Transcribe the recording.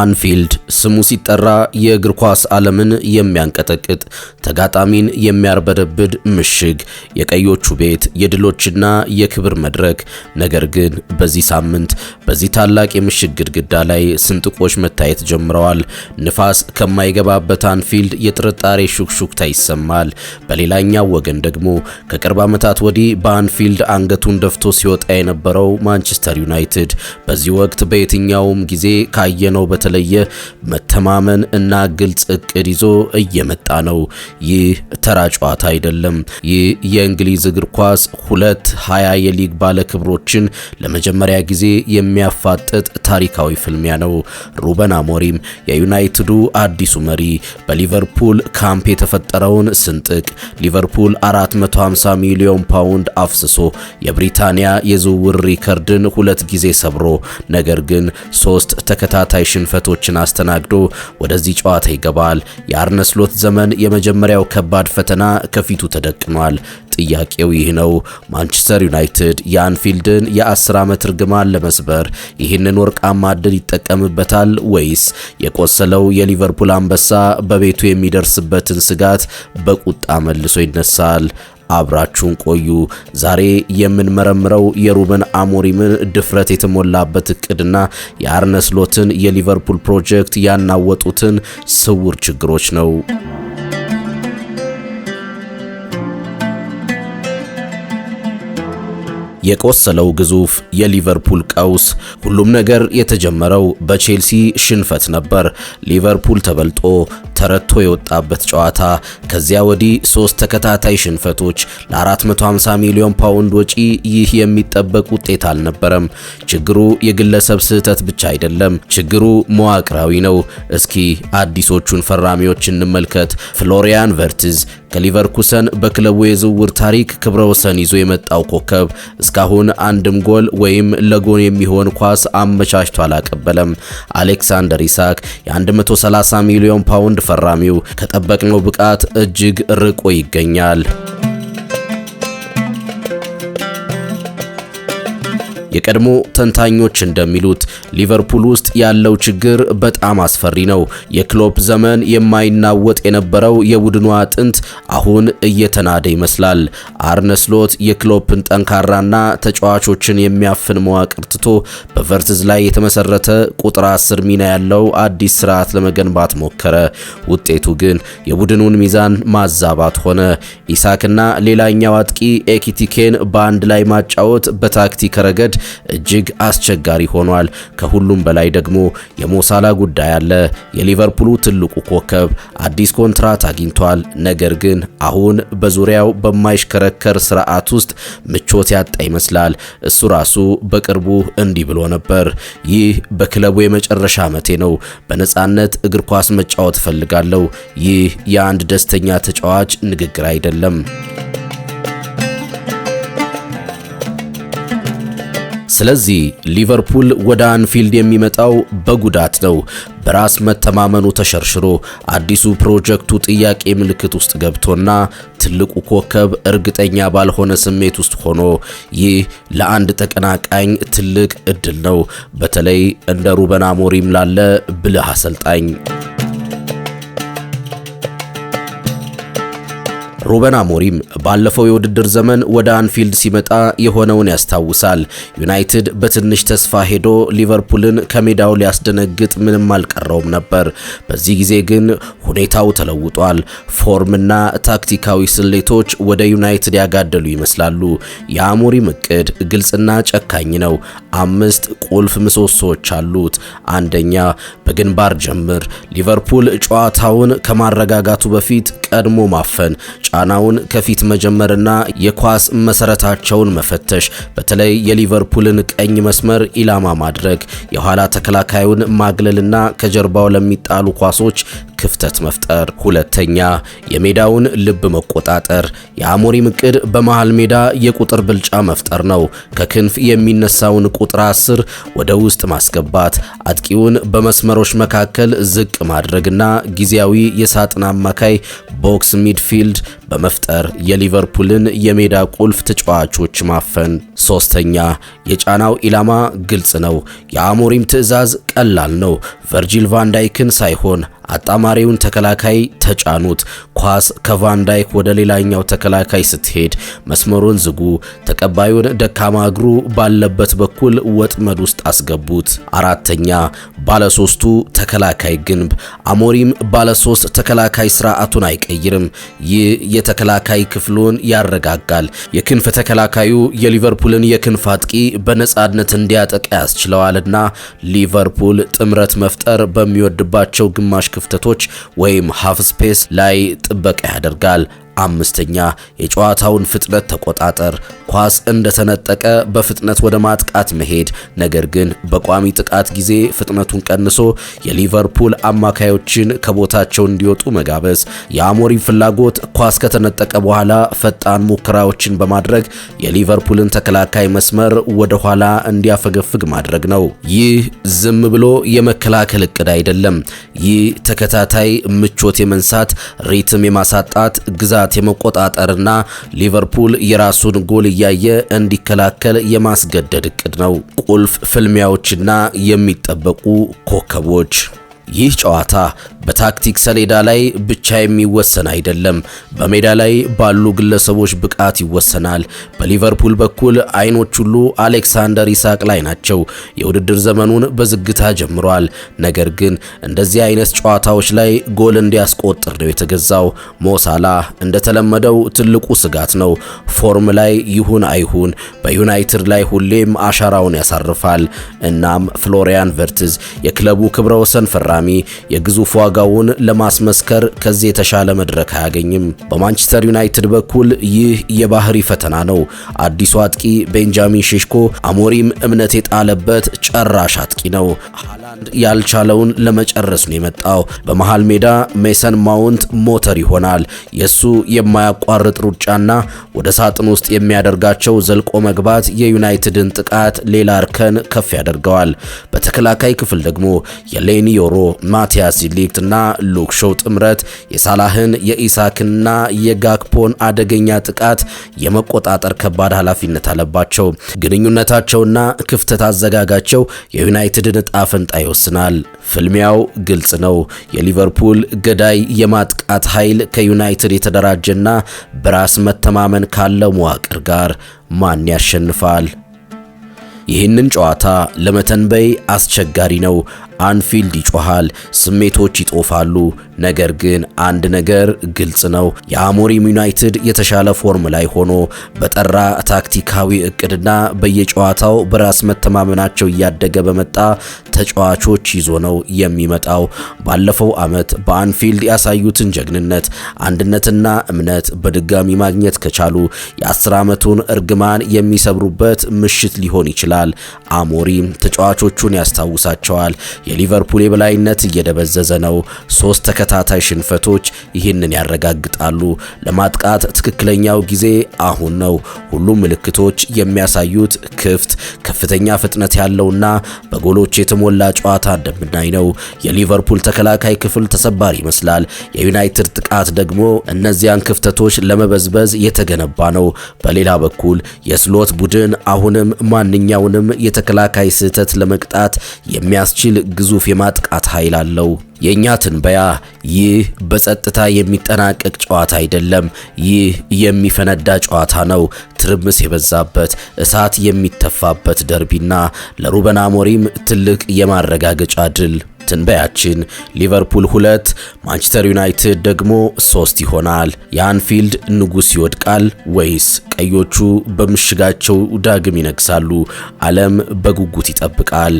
አንፊልድ ስሙ ሲጠራ የእግር ኳስ ዓለምን የሚያንቀጠቅጥ ተጋጣሚን የሚያርበደብድ ምሽግ፣ የቀዮቹ ቤት፣ የድሎችና የክብር መድረክ። ነገር ግን በዚህ ሳምንት በዚህ ታላቅ የምሽግ ግድግዳ ላይ ስንጥቆች መታየት ጀምረዋል። ንፋስ ከማይገባበት አንፊልድ የጥርጣሬ ሹክሹክታ ይሰማል። በሌላኛው ወገን ደግሞ ከቅርብ ዓመታት ወዲህ በአንፊልድ አንገቱን ደፍቶ ሲወጣ የነበረው ማንቸስተር ዩናይትድ በዚህ ወቅት በየትኛውም ጊዜ ካየነው በተለየ መተማመን እና ግልጽ እቅድ ይዞ እየመጣ ነው። ይህ ተራ ጨዋታ አይደለም። ይህ የእንግሊዝ እግር ኳስ ሁለት ሀያ የሊግ ባለክብሮችን ለመጀመሪያ ጊዜ የሚያፋጥጥ ታሪካዊ ፍልሚያ ነው። ሩበን አሞሪም የዩናይትዱ አዲሱ መሪ በሊቨርፑል ካምፕ የተፈጠረውን ስንጥቅ ሊቨርፑል 450 ሚሊዮን ፓውንድ አፍስሶ የብሪታንያ የዝውውር ሪከርድን ሁለት ጊዜ ሰብሮ ነገር ግን ሶስት ተከታታይ ሽንፈ ሽንፈቶችን አስተናግዶ ወደዚህ ጨዋታ ይገባል። የአርነ ስሎት ዘመን የመጀመሪያው ከባድ ፈተና ከፊቱ ተደቅኗል። ጥያቄው ይህ ነው። ማንቸስተር ዩናይትድ የአንፊልድን የአስር ዓመት እርግማን ለመስበር ይህንን ወርቃማ እድል ይጠቀምበታል ወይስ የቆሰለው የሊቨርፑል አንበሳ በቤቱ የሚደርስበትን ስጋት በቁጣ መልሶ ይነሳል? አብራችሁን ቆዩ። ዛሬ የምንመረምረው የሩበን አሞሪምን ድፍረት የተሞላበት እቅድና የአርነ ስሎትን የሊቨርፑል ፕሮጀክት ያናወጡትን ስውር ችግሮች ነው። የቆሰለው ግዙፍ የሊቨርፑል ቀውስ። ሁሉም ነገር የተጀመረው በቼልሲ ሽንፈት ነበር። ሊቨርፑል ተበልጦ ተረቶ የወጣበት ጨዋታ ከዚያ ወዲህ ሶስት ተከታታይ ሽንፈቶች ለ450 ሚሊዮን ፓውንድ ወጪ ይህ የሚጠበቅ ውጤት አልነበረም። ችግሩ የግለሰብ ስህተት ብቻ አይደለም፣ ችግሩ መዋቅራዊ ነው። እስኪ አዲሶቹን ፈራሚዎች እንመልከት። ፍሎሪያን ቨርትዝ ከሊቨርኩሰን በክለቡ የዝውውር ታሪክ ክብረ ወሰን ይዞ የመጣው ኮከብ እስካሁን አንድም ጎል ወይም ለጎን የሚሆን ኳስ አመቻችቶ አላቀበለም። አሌክሳንደር ኢሳክ የ130 ሚሊዮን ፓውንድ ፈራሚው ከጠበቅነው ብቃት እጅግ ርቆ ይገኛል። የቀድሞ ተንታኞች እንደሚሉት ሊቨርፑል ውስጥ ያለው ችግር በጣም አስፈሪ ነው። የክሎፕ ዘመን የማይናወጥ የነበረው የቡድኑ አጥንት አሁን እየተናደ ይመስላል። አርነስሎት የክሎፕን ጠንካራና ተጫዋቾችን የሚያፍን መዋቅር ትቶ በቨርትዝ ላይ የተመሰረተ ቁጥር 10 ሚና ያለው አዲስ ስርዓት ለመገንባት ሞከረ። ውጤቱ ግን የቡድኑን ሚዛን ማዛባት ሆነ። ኢሳክና ሌላኛው አጥቂ ኤኪቲኬን በአንድ ላይ ማጫወት በታክቲክ ረገድ እጅግ አስቸጋሪ ሆኗል። ከሁሉም በላይ ደግሞ የሞሳላ ጉዳይ አለ። የሊቨርፑሉ ትልቁ ኮከብ አዲስ ኮንትራት አግኝቷል። ነገር ግን አሁን በዙሪያው በማይሽከረከር ስርዓት ውስጥ ምቾት ያጣ ይመስላል። እሱ ራሱ በቅርቡ እንዲህ ብሎ ነበር። ይህ በክለቡ የመጨረሻ ዓመቴ ነው። በነፃነት እግር ኳስ መጫወት እፈልጋለሁ። ይህ የአንድ ደስተኛ ተጫዋች ንግግር አይደለም። ስለዚህ ሊቨርፑል ወደ አንፊልድ የሚመጣው በጉዳት ነው። በራስ መተማመኑ ተሸርሽሮ አዲሱ ፕሮጀክቱ ጥያቄ ምልክት ውስጥ ገብቶና ትልቁ ኮከብ እርግጠኛ ባልሆነ ስሜት ውስጥ ሆኖ ይህ ለአንድ ተቀናቃኝ ትልቅ እድል ነው፣ በተለይ እንደ ሩበን አሞሪም ላለ ብልህ አሰልጣኝ። ሩበን አሞሪም ባለፈው የውድድር ዘመን ወደ አንፊልድ ሲመጣ የሆነውን ያስታውሳል። ዩናይትድ በትንሽ ተስፋ ሄዶ ሊቨርፑልን ከሜዳው ሊያስደነግጥ ምንም አልቀረውም ነበር። በዚህ ጊዜ ግን ሁኔታው ተለውጧል። ፎርምና ታክቲካዊ ስሌቶች ወደ ዩናይትድ ያጋደሉ ይመስላሉ። የአሞሪም እቅድ ግልጽና ጨካኝ ነው። አምስት ቁልፍ ምሰሶዎች አሉት። አንደኛ፣ በግንባር ጀምር። ሊቨርፑል ጨዋታውን ከማረጋጋቱ በፊት ቀድሞ ማፈን ጫናውን ከፊት መጀመርና የኳስ መሰረታቸውን መፈተሽ፣ በተለይ የሊቨርፑልን ቀኝ መስመር ኢላማ ማድረግ፣ የኋላ ተከላካዩን ማግለልና ከጀርባው ለሚጣሉ ኳሶች ክፍተት መፍጠር። ሁለተኛ የሜዳውን ልብ መቆጣጠር። የአሞሪም እቅድ በመሃል ሜዳ የቁጥር ብልጫ መፍጠር ነው። ከክንፍ የሚነሳውን ቁጥር አስር ወደ ውስጥ ማስገባት፣ አጥቂውን በመስመሮች መካከል ዝቅ ማድረግና ጊዜያዊ የሳጥን አማካይ ቦክስ ሚድፊልድ በመፍጠር የሊቨርፑልን የሜዳ ቁልፍ ተጫዋቾች ማፈን ሶስተኛ የጫናው ኢላማ ግልጽ ነው። የአሞሪም ትዕዛዝ ቀላል ነው። ቨርጂል ቫንዳይክን ሳይሆን አጣማሪውን ተከላካይ ተጫኑት። ኳስ ከቫንዳይክ ወደ ሌላኛው ተከላካይ ስትሄድ መስመሩን ዝጉ። ተቀባዩን ደካማ እግሩ ባለበት በኩል ወጥመድ ውስጥ አስገቡት። አራተኛ ባለሶስቱ ተከላካይ ግንብ። አሞሪም ባለሶስት ተከላካይ ስርዓቱን አይቀይርም። ይህ የተከላካይ ክፍሉን ያረጋጋል። የክንፍ ተከላካዩ የሊቨርፑል ሊቨርፑልን የክንፍ አጥቂ በነጻነት እንዲያጠቃ ያስችለዋልና ሊቨርፑል ጥምረት መፍጠር በሚወድባቸው ግማሽ ክፍተቶች ወይም ሃፍ ስፔስ ላይ ጥበቃ ያደርጋል። አምስተኛ የጨዋታውን ፍጥነት ተቆጣጠር። ኳስ እንደተነጠቀ በፍጥነት ወደ ማጥቃት መሄድ፣ ነገር ግን በቋሚ ጥቃት ጊዜ ፍጥነቱን ቀንሶ የሊቨርፑል አማካዮችን ከቦታቸው እንዲወጡ መጋበዝ። የአሞሪም ፍላጎት ኳስ ከተነጠቀ በኋላ ፈጣን ሙከራዎችን በማድረግ የሊቨርፑልን ተከላካይ መስመር ወደ ኋላ እንዲያፈገፍግ ማድረግ ነው። ይህ ዝም ብሎ የመከላከል እቅድ አይደለም። ይህ ተከታታይ ምቾት የመንሳት ሪትም የማሳጣት ግዛ ጥቃት የመቆጣጠርና ሊቨርፑል የራሱን ጎል እያየ እንዲከላከል የማስገደድ እቅድ ነው። ቁልፍ ፍልሚያዎችና የሚጠበቁ ኮከቦች ይህ ጨዋታ በታክቲክ ሰሌዳ ላይ ብቻ የሚወሰን አይደለም። በሜዳ ላይ ባሉ ግለሰቦች ብቃት ይወሰናል። በሊቨርፑል በኩል አይኖች ሁሉ አሌክሳንደር ኢሳቅ ላይ ናቸው። የውድድር ዘመኑን በዝግታ ጀምሯል። ነገር ግን እንደዚህ አይነት ጨዋታዎች ላይ ጎል እንዲያስቆጥር ነው የተገዛው። ሞሳላ እንደተለመደው ትልቁ ስጋት ነው። ፎርም ላይ ይሁን አይሁን በዩናይትድ ላይ ሁሌም አሻራውን ያሳርፋል። እናም ፍሎሪያን ቨርትዝ የክለቡ ክብረ ወሰን ፈራሚ የግዙፏ ዋጋውን ለማስመስከር ከዚህ የተሻለ መድረክ አያገኝም። በማንቸስተር ዩናይትድ በኩል ይህ የባህሪ ፈተና ነው። አዲሱ አጥቂ ቤንጃሚን ሼሽኮ አሞሪም እምነት የጣለበት ጨራሽ አጥቂ ነው። ሃላንድ ያልቻለውን ለመጨረስ ነው የመጣው። በመሃል ሜዳ ሜሰን ማውንት ሞተር ይሆናል። የሱ የማያቋርጥ ሩጫና ወደ ሳጥን ውስጥ የሚያደርጋቸው ዘልቆ መግባት የዩናይትድን ጥቃት ሌላ እርከን ከፍ ያደርገዋል። በተከላካይ ክፍል ደግሞ የሌኒ ዮሮ፣ ማቲያስ ሊክት ና ሉክሾው ጥምረት የሳላህን የኢሳክና የጋክፖን አደገኛ ጥቃት የመቆጣጠር ከባድ ኃላፊነት አለባቸው። ግንኙነታቸውና ክፍተት አዘጋጋቸው የዩናይትድን ዕጣ ፈንታ ይወስናል። ፍልሚያው ግልጽ ነው። የሊቨርፑል ገዳይ የማጥቃት ኃይል ከዩናይትድ የተደራጀና በራስ መተማመን ካለው መዋቅር ጋር ማን ያሸንፋል? ይህንን ጨዋታ ለመተንበይ አስቸጋሪ ነው። አንፊልድ ይጮሃል፣ ስሜቶች ይጦፋሉ። ነገር ግን አንድ ነገር ግልጽ ነው። የአሞሪም ዩናይትድ የተሻለ ፎርም ላይ ሆኖ በጠራ ታክቲካዊ እቅድና በየጨዋታው በራስ መተማመናቸው እያደገ በመጣ ተጫዋቾች ይዞ ነው የሚመጣው። ባለፈው ዓመት በአንፊልድ ያሳዩትን ጀግንነት፣ አንድነትና እምነት በድጋሚ ማግኘት ከቻሉ የአስር ዓመቱን እርግማን የሚሰብሩበት ምሽት ሊሆን ይችላል። ይችላል። አሞሪ ተጫዋቾቹን ያስታውሳቸዋል። የሊቨርፑል የበላይነት እየደበዘዘ ነው። ሶስት ተከታታይ ሽንፈቶች ይህንን ያረጋግጣሉ። ለማጥቃት ትክክለኛው ጊዜ አሁን ነው። ሁሉም ምልክቶች የሚያሳዩት ክፍት፣ ከፍተኛ ፍጥነት ያለውና በጎሎች የተሞላ ጨዋታ እንደምናይ ነው። የሊቨርፑል ተከላካይ ክፍል ተሰባሪ ይመስላል። የዩናይትድ ጥቃት ደግሞ እነዚያን ክፍተቶች ለመበዝበዝ የተገነባ ነው። በሌላ በኩል የስሎት ቡድን አሁንም ማንኛው ሌላውንም የተከላካይ ስህተት ለመቅጣት የሚያስችል ግዙፍ የማጥቃት ኃይል አለው። የእኛ ትንበያ ይህ በጸጥታ የሚጠናቀቅ ጨዋታ አይደለም። ይህ የሚፈነዳ ጨዋታ ነው። ትርምስ የበዛበት እሳት የሚተፋበት ደርቢና ለሩበን አሞሪም ትልቅ የማረጋገጫ ድል ትንበያችን ሊቨርፑል ሁለት ማንቸስተር ዩናይትድ ደግሞ ሶስት ይሆናል። የአንፊልድ ንጉሥ ይወድቃል ወይስ ቀዮቹ በምሽጋቸው ዳግም ይነግሳሉ? ዓለም በጉጉት ይጠብቃል።